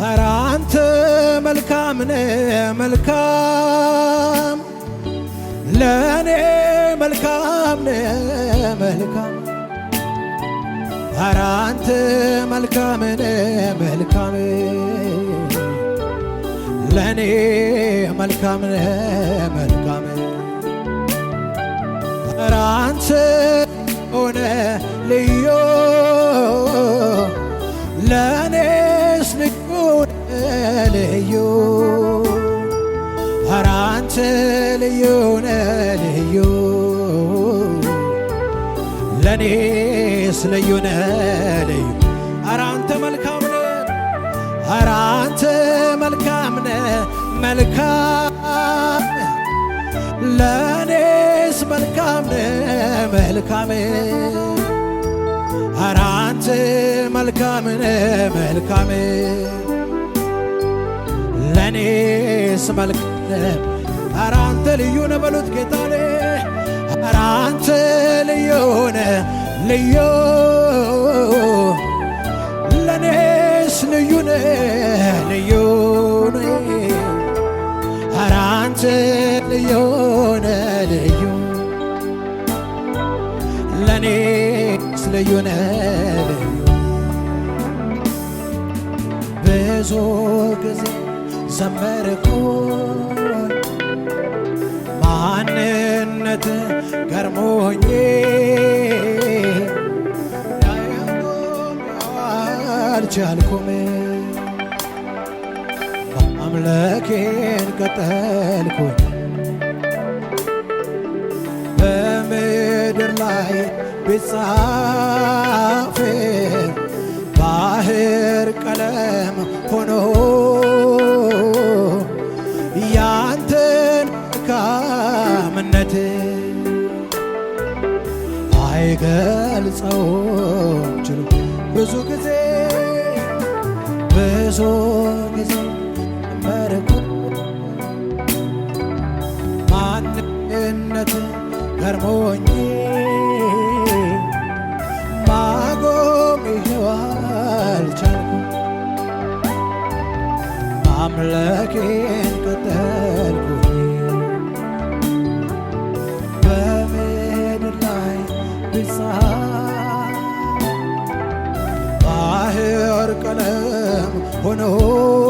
ኧረ አንተ መልካም ነህ መልካም ለእኔ መልካም ነህ መልካም ኧረ አንተ መልካም ነህ መልካም ለእኔ መልካም ነህ መልካም ኧረ አንተ ሆነ ልዩ ለእኔ ልዩ ኧረ አንተ ልዩ ነህ ልዩ ለኔስ ልዩ ነህ ልዩ ኧረ አንተ መልካም ነህ ኧረ አንተ መልካም ነህ መልካም ለኔስ መልካም ነህ መልካም ኧረ አንተ መልካም ነህ መልካም ለእኔስ መልክ ኧረ አንተ ልዩ ነህ በሉት ጌታዬ ኧረ አንተ ልዩ ነህ ልዩ ለእኔስ ልዩ ነህ ልዩ ኧረ አንተ ልዩ ነህ ልዩ ለእኔስ ልዩ ነህ ብዙ ጊዜ ዘመርኩን ማንነት ገርሞኝ አልቻልኩም አምላኬን ቀጠልኩኝ በምድር ላይ ቢጻፍ ባህር ቀለም ሆ። ቸርነት አይገልጸው ችሉ ብዙ ጊዜ ብዙ ጊዜ መርኩ ማንነት ገርሞኝ ማጎም ይሄው አልቻልኩም አምላኬን ቀጠልኩ when the whole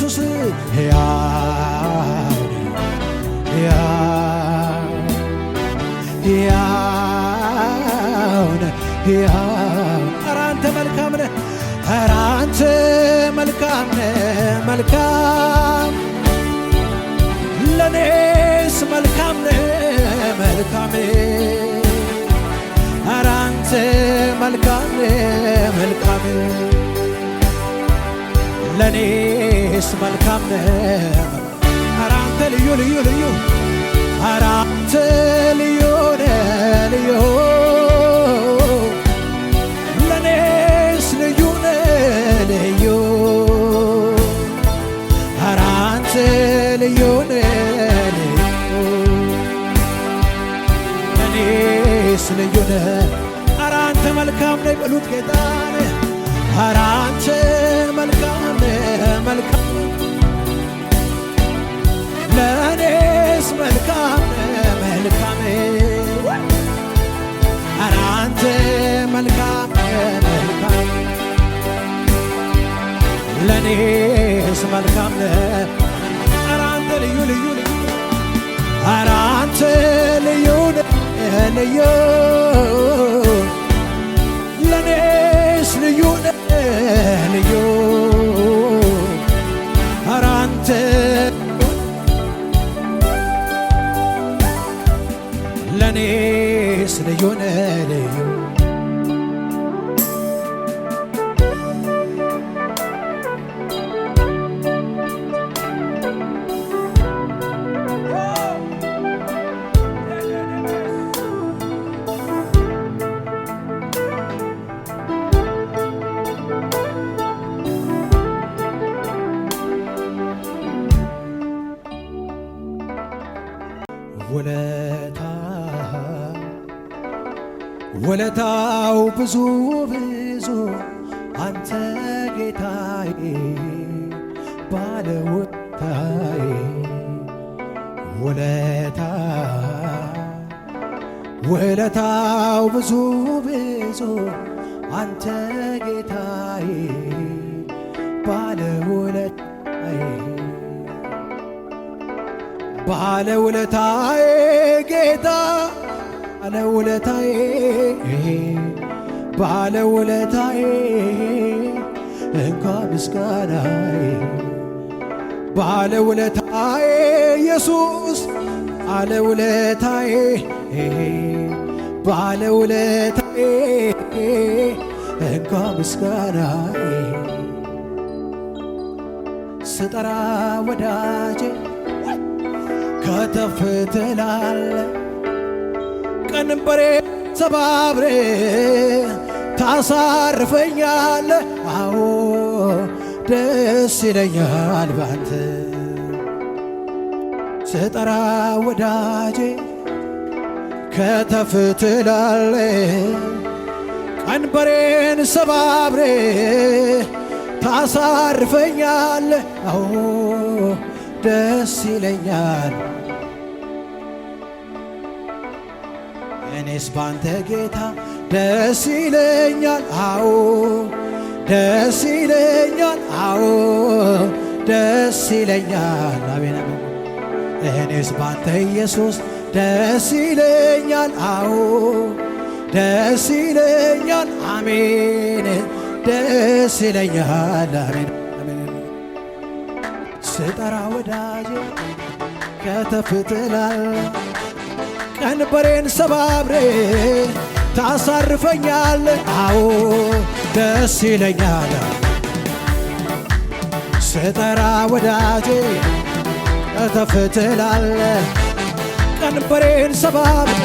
ኢየሱስ ሕያው ሕያው ሕያው ነህ ሕያው ኧረ አንተ መልካም ነህ ኧረ አንተ መልካም ነህ መልካም ለኔስ መልካም ነህ መልካም ኧረ አንተ መልካም ነህ መልካም ለኔስ መልካም ነው። ኧረ አንተ ልዩ ልዩ ልዩ ኧረ አንተ ልዩ ነህ ልዩ ለእኔስ ልዩ ነህ ልዩ ኧረ አንተ ልዩ ነህ ልዩ ለእኔስ ልዩ ነህ ኧረ አንተ መልካም ነህ በሉት ጌታ ነህ ኧረ አንተ መልካም መልካም ለእኔስ መልካም መልካም ኧረ አንተ መልካም መልካም ለእኔስ መልካም ኧረ አንተ ልዩ ልዩ ልዩ ኧረ አንተ ልዩ ልዩ ወለታ ወለታው ብዙ ብዙ አንተ ጌታዬ ባለውለታዬ ወለታ ወለታው ብዙ ብዙ አንተ ጌታዬ ባለውለታዬ ጌታ ባለውለታዬ ባለውለታዬ እንኳ ምስጋናዬ ባለውለታዬ ኢየሱስ ባለውለታዬ ባለውለታዬ እንኳ ምስጋናዬ ስጠራ ወዳጄ ከተፍ ትላለ ቀንበሬ ሰባብሬ ታሳርፈኛለ አዎ ደስ ይለኛል ባንተ ስጠራ ወዳጄ ከተፍ ትላለ ቀንበሬን ሰባብሬ ታሳርፈኛለ አዎ ደስ ይለኛል። እኔስ ባንተ ጌታ ደስ ይለኛል። አዎ ደስ ይለኛል። አዎ ደስ ይለኛል። እኔስ ባንተ ኢየሱስ ደስ ይለኛል። አዎ ደስ ይለኛል። አሜን ደስ ይለኛል። አሜን ስጠራ ወዳጄ ከተፍ ቀንበሬን ሰባብሬ ታሳርፈኛለህ። አዎ ደስ ይለኛል ስጠራ ወዳጄ ከተፍ ትላለህ ቀንበሬን ሰባብሬ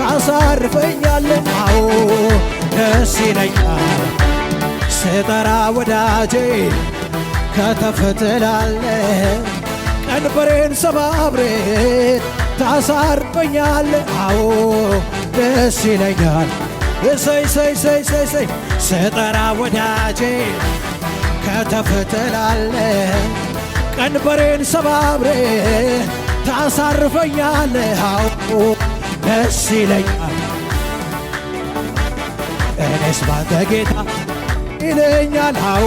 ታሳርፈኛለህ። አዎ ደስ ይለኛል ስጠራ ወዳጄ ከተፈትላለ ቀንበሬን ሰባብሬ ታሳርፈኛል። አዎ ደስ ይለኛል። እሰይ ሰይ ሰይ ሰይ ሰይ ስጠራ ወዳጄ ከተፈትላለ ቀንበሬን ሰባብሬ ታሳርፈኛል። አዎ ደስ ይለኛል። እኔስ ባንተ ጌታ ይለኛል። አዎ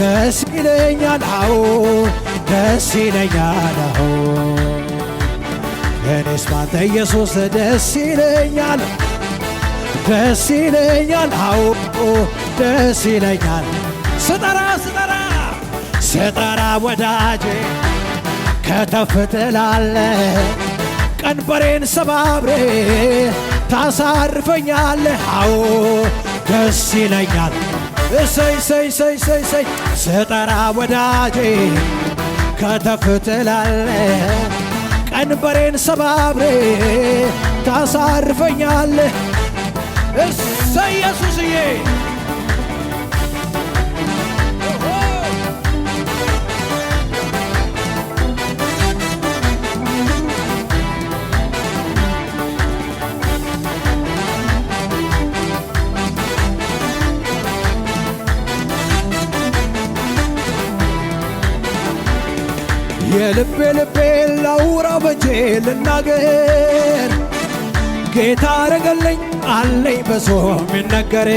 ደስ ይለኛል አዎ ደስ ይለኛል አዎ እኔስ ባንተ ኢየሱስ ደስ ይለኛል ደስ ይለኛል አዎ ደስ ይለኛል ስጠራ ስጠራ ስጠራ ወዳጄ ቀንበሬን ሰባብሬ ታሳርፈኛለ አዎ ደስ ይለኛል እሰይ ሰይ ሰይ ሰይ ሰይ ስጠራ ወዳጄ ከተፍ ቀንበሬን ሰባብሬ ታሳርፈኛለህ እሰይ ኢየሱስዬ የልቤ ልቤ ላውራ በጄ ልናገር ጌታ አረገልኝ አለኝ በሶ ሚነገር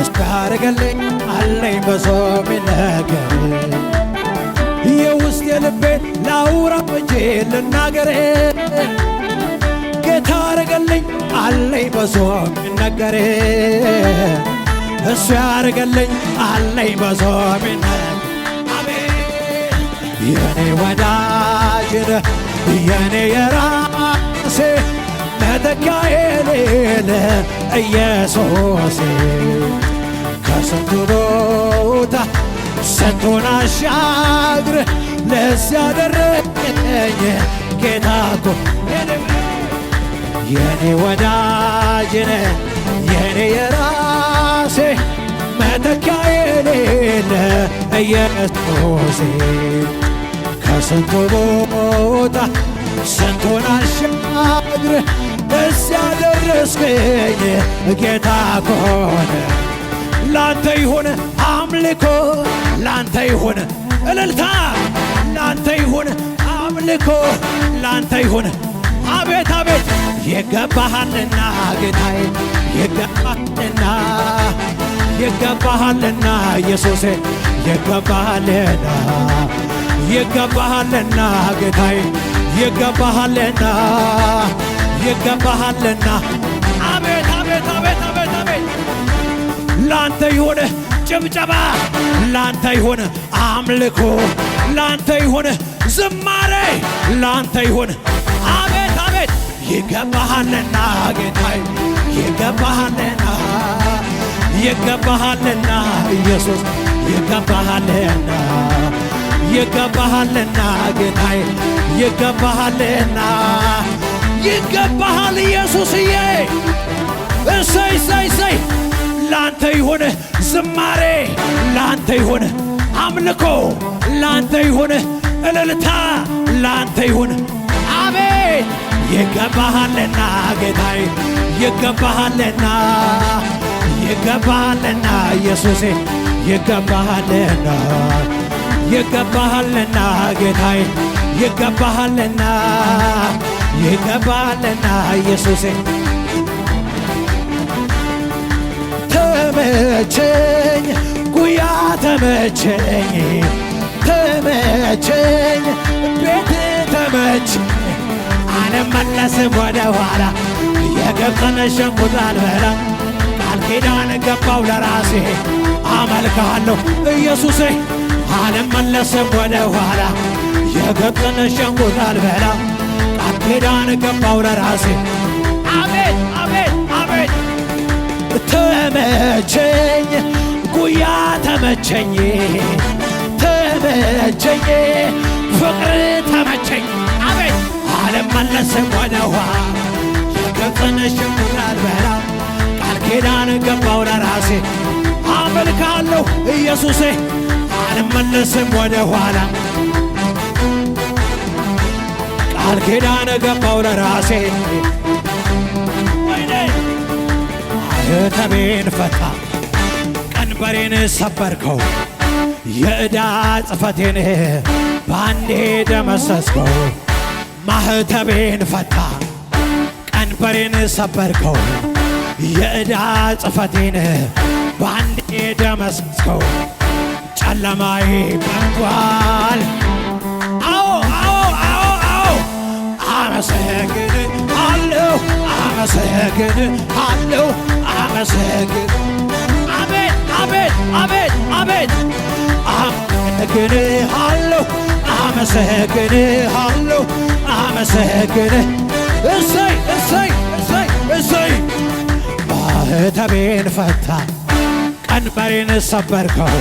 እስከ አረገለኝ አለኝ በሶ ሚነገር የውስጥ የልቤ ላውራ በጄ ልናገር ጌታ አረገለኝ አለኝ በሶ ሚነገር እሱ ያረገለኝ አለኝ በሶ ሚነገር የኔ ወዳጅ ነህ የኔ የራሴ መተኪያዬ ነህ ኢየሱሴ ከስንቱ ቦታ ስንቱን አሻግረህ ለዚህ ያደረከኝ ጌታ እኮ የኔ ወዳጅ ነህ የኔ የራሴ መተኪያዬ ነህ ኢየሱሴ ከስንቱ ቦታ ስንቱን አሻግረ እስ ያደረስከኝ ጌታ ከሆነ ላንተ ይሁን አምልኮ ላንተ ይሁን እልልታ ላንተ ይሁን አምልኮ ላንተ ይሁን አቤት አቤት የገባሃልና ጌታዬ የገባሃልና የገባሃልና ኢየሱሴ የገባሃልና ይገባሃልና ጌታዬ ይገባሃልና ይገባሃልና አቤት አቤት አቤት አቤት አቤት ላንተ የሆነ ጭብጨባ ላንተ የሆነ አምልኮ ላንተ የሆነ ዝማሬ ላንተ ይሆን። አቤት አቤት ይገባሃልና ጌታዬ ይገባሃልና ይገባሃልና ኢየሱስ ይገባሃልና ይገባሃልና ጌታዬ ይገባሃልና ይገባሃል ኢየሱስዬ እሰይ እሰይ እሰይ ላንተ ይሆነ ዝማሬ ላንተ ይሁን አምልኮ ላንተ ይሆነ እልልታ ላንተ ይሆነ አቤት ይገባሃልና ጌታዬ ይገባሃልና ይገባሃልና ኢየሱሴ ይገባሃልና ይገባሃልና ጌታዬ ይገባሃልና ይገባሃልና ኢየሱሴ ተመቸኝ ጉያ ተመቸኝ ተመቸኝ ቤት ተመቸኝ አልመለስም ወደ ኋላ የግብፅን አልበላ ቃል ኪዳን ገባው ለራሴ አመልክሃለሁ ኢየሱሴ አልመለስም ወደ ኋላ የገብፅን ሸንጉጥ አልበላ ቃል ኪዳን ገባው ለራሴ አቤት አቤት አቤት ተመቸኝ ጉያ ተመቸኝ ተመቸኝ ፍቅር ተመቸኝ አቤት አልመለስም ወደ ኋላ የገብፅን ሸንጉጥ አልበላ ቃል ኪዳን ገባው ለራሴ አመልካለሁ ኢየሱሴ አልመለስም ወደ ኋላ ቃል ኪዳን ገባው ለራሴ ማኅተቤን ፈታ ቀንበሬን ሰበርከው የዕዳ ጽፈቴን በአንዴ ደመሰስከው ማኅተቤን ፈታ ቀንበሬን ሰበርከው የዕዳ ጽፈቴን በአንዴ ደመሰስከው ጨለማዬ በርቷል። አዎ አዎ አዎ አዎ አመሰግን አለው አመሰግን አለው አመሰግን አቤት አቤት አቤት አቤት አመሰግን አለው አመሰግን አለው አመሰግን እሰይ እሰይ እሰይ እሰይ ማህተቤን ፈታ ቀንበሬን ሰበርከው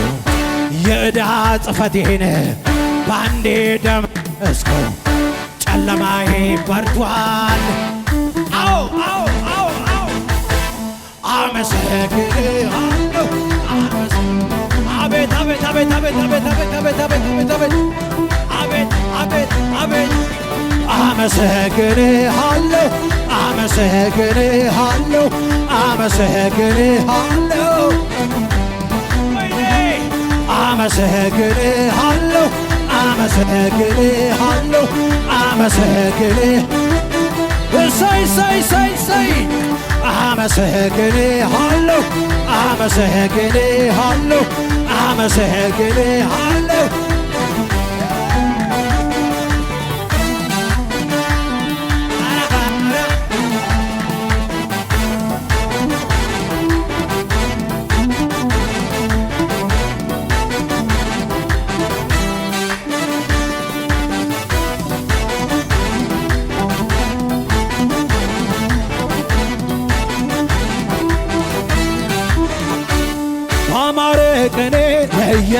የዕዳ ጽፈቴን በአንዴ ደመስከው ጨለማዬ በርቷል። አዎ አዎ አዎ አዎ አመሰግናለሁ። አቤት አቤት አቤት አቤት አመሰግንሃለሁ አመሰግንሃለሁ አመሰግንሃለሁ አመሰግንሃለሁ አመሰግንሃለሁ አመሰግንህ እሰይ እሰይ እሰይ እሰይ አመሰግንሃለሁ አመሰግንሃለሁ አመሰግንሃለሁ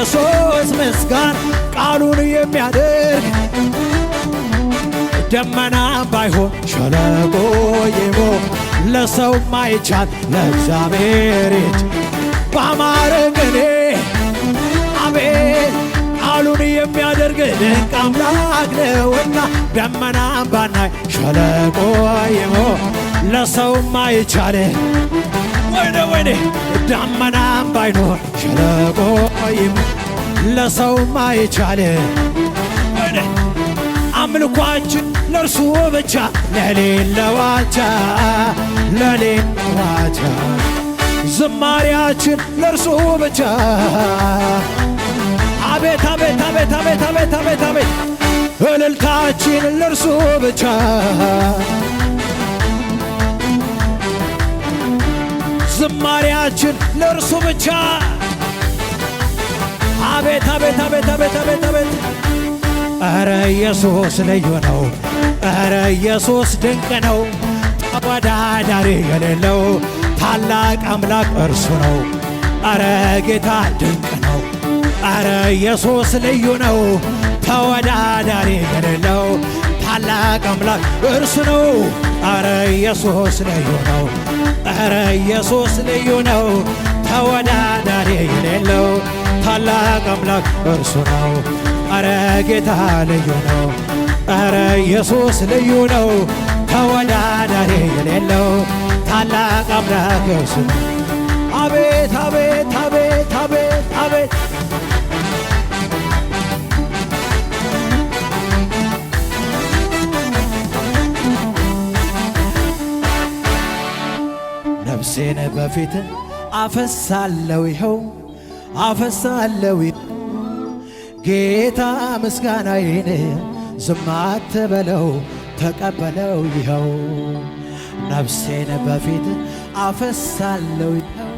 ኢየሱስ ምስጋን ቃሉን የሚያደርግ ደመና ባይሆን ሸለቆ ይሞቅ ለሰው ማይቻል ለእግዚአብሔር እጅ ባማረ አቤት ቃሉን የሚያደርግ ድንቅ አምላክ ነውና ደመና ባናይ ሸለቆ ይሞቅ ለሰው ማይቻል ወይኔ ወይኔ ዳመናም ባይኖር ሸለቆ ለሰው ማይቻል ወይኔ አምልኳችን ለእርሱ ብቻ ለሌለዋቻ ለሌለዋቻ ዝማሪያችን ለእርሱ ብቻ አቤት አቤት አቤት አቤት አቤት አቤት አቤት እልልታችን ለእርሱ ብቻ ዝማሪያችን ለእርሱ ብቻ። አቤት አቤት አቤት አቤት አቤት አቤት! ኧረ ኢየሱስ ልዩ ነው። እረ ኢየሱስ ድንቅ ነው። ተወዳዳሪ የሌለው ታላቅ አምላክ እርሱ ነው። እረ ጌታ ድንቅ ነው። እረ ኢየሱስ ልዩ ነው። ተወዳዳሪ የሌለው ታላቅ አምላክ እርሱ ነው። እረ ኢየሱስ ልዩ ነው። ኧረ ኢየሱስ ልዩ ነው ተወዳዳሪ የሌለው ታላቅ አምላክ እርሱ ነው። ኧረ ጌታ ልዩ ነው። ኧረ ኢየሱስ ልዩ ነው ተወዳዳሪ የሌለው ታላቅ አምላክ እርሱ ነው። አቤት አቤት በፊት አፈሳለው ይኸው አፈሳለው ጌታ ምስጋናዬን ዝም አትበለው ተቀበለው ይኸው ነፍሴን በፊት አፈሳለው ይኸው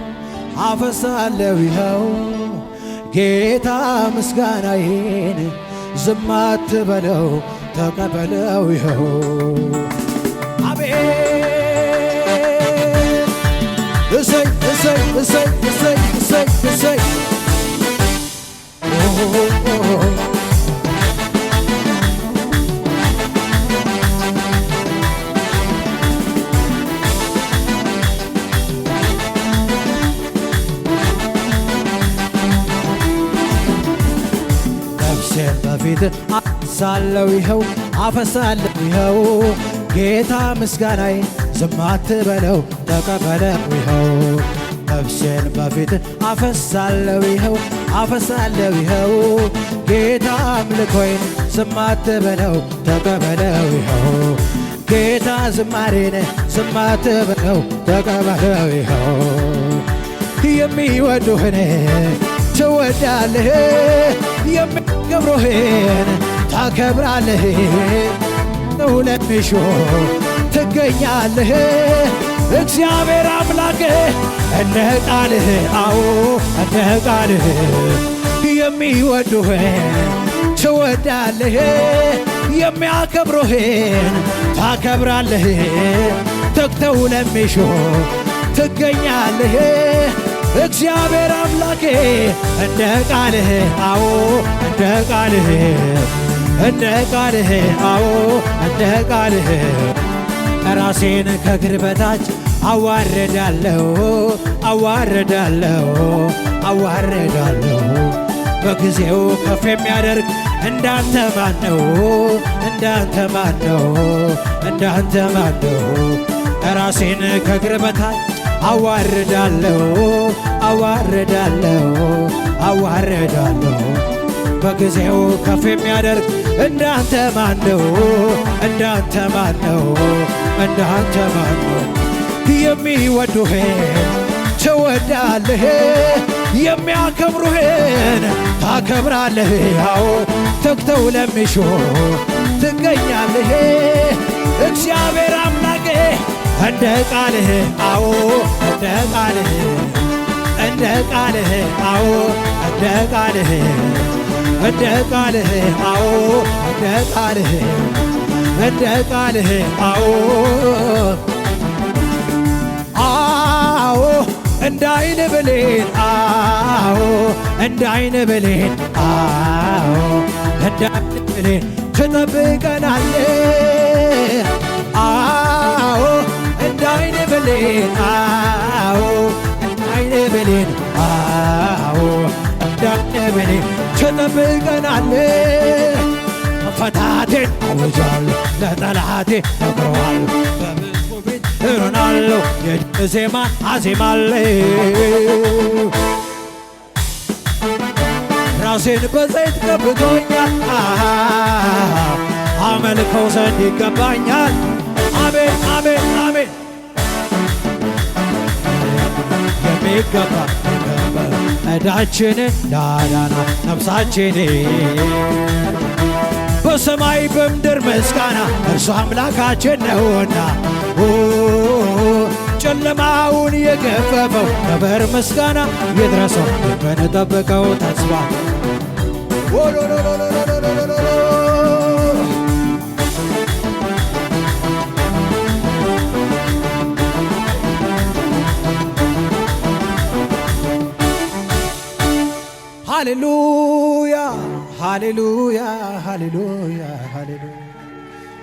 አፈሳለው ይኸው ጌታ ምስጋናዬን ዝም አትበለው ተቀበለው ይኸው እሰይ እሰይ እሰይ እሰይ እሰይ እሰይ በፊት አሳለው ይኸው አፈሳለው ይኸው ጌታ ምስጋናዬ ዝም አትበለው ተቀበለው ይኸው ነፍሴን በፊት አፈሳለው ይኸው አፈሳለው ይኸው ጌታ አምልኮይን ስማት ተቀበለው ይኸው ጌታ ዝማሬን ስማት ተቀበለው ይኸው የሚወዱህን ትወዳለህ የሚገብሩህን ታከብራለህ ውለሚሾ ትገኛለህ እግዚአብሔር አምላክህ እንደ ቃልህ አዎ እንደ ቃልህ የሚወዱህን ትወዳለህ የሚያከብሩህን ታከብራለህ ተግተው ለሚሹ ትገኛለህ እግዚአብሔር አምላኬ እንደ ቃልህ አዎ እንደ ቃልህ እንደ ቃልህ አዎ እንደ ቃልህ ራሴን ከግር በታች አዋረዳለሁ አዋረዳለሁ አዋረዳለሁ በጊዜው ከፍ የሚያደርግ እንዳንተ ማን ነው? እንዳንተ ማን ነው? እንዳንተ ማን ነው? ራሴን ከእግር በታች አዋርዳለሁ አዋርዳለሁ አዋርዳለሁ በጊዜው ከፍ የሚያደርግ እንዳንተ ማን ነው? እንዳንተ ማን ነው? እንዳንተ ማን ነው? የሚወዱህን ትወዳለህ፣ የሚያከብሩህን ታከብራለህ። ያው ተግተው ለሚሹ ትገኛለህ። እግዚአብሔር አምላኬ እንደ ቃልህ አዎ እንደ ቃልህ እንደ ቃልህ አዎ እንደ ቃልህ እንደ ቃልህ አዎ እንደ ቃልህ እንደ ቃልህ አዎ እንደ አይነ ብሌን አዎ እንደ አይነ ብሌን አዎ እንደ አይነ ብሌን ትጠብቀናል አዎ እንደ አይነ ብሌን አዎ እንደ ብሌን አዎ እንደ ብሌን ትጠብቀናል ፈታቴ አውጃል ለጠላቴ ነግረዋል እሆናለሁ የድንቅ ዜማ አዜማለ ራሴን በዘይት ቀብቶኛል አመልከው ዘንድ ይገባኛል። አሜን አሜን አሜን የሚገባ እዳችን ዳዳና ነፍሳችን በሰማይ በምድር ምስጋና እርሱ አምላካችን ነውና ጨለማውን የገፈፈው ነበር ምስጋና የድረሰው የምንጠብቀው ተስፋ ሃሌሉያ ሃሌሉያ ሃሌሉያ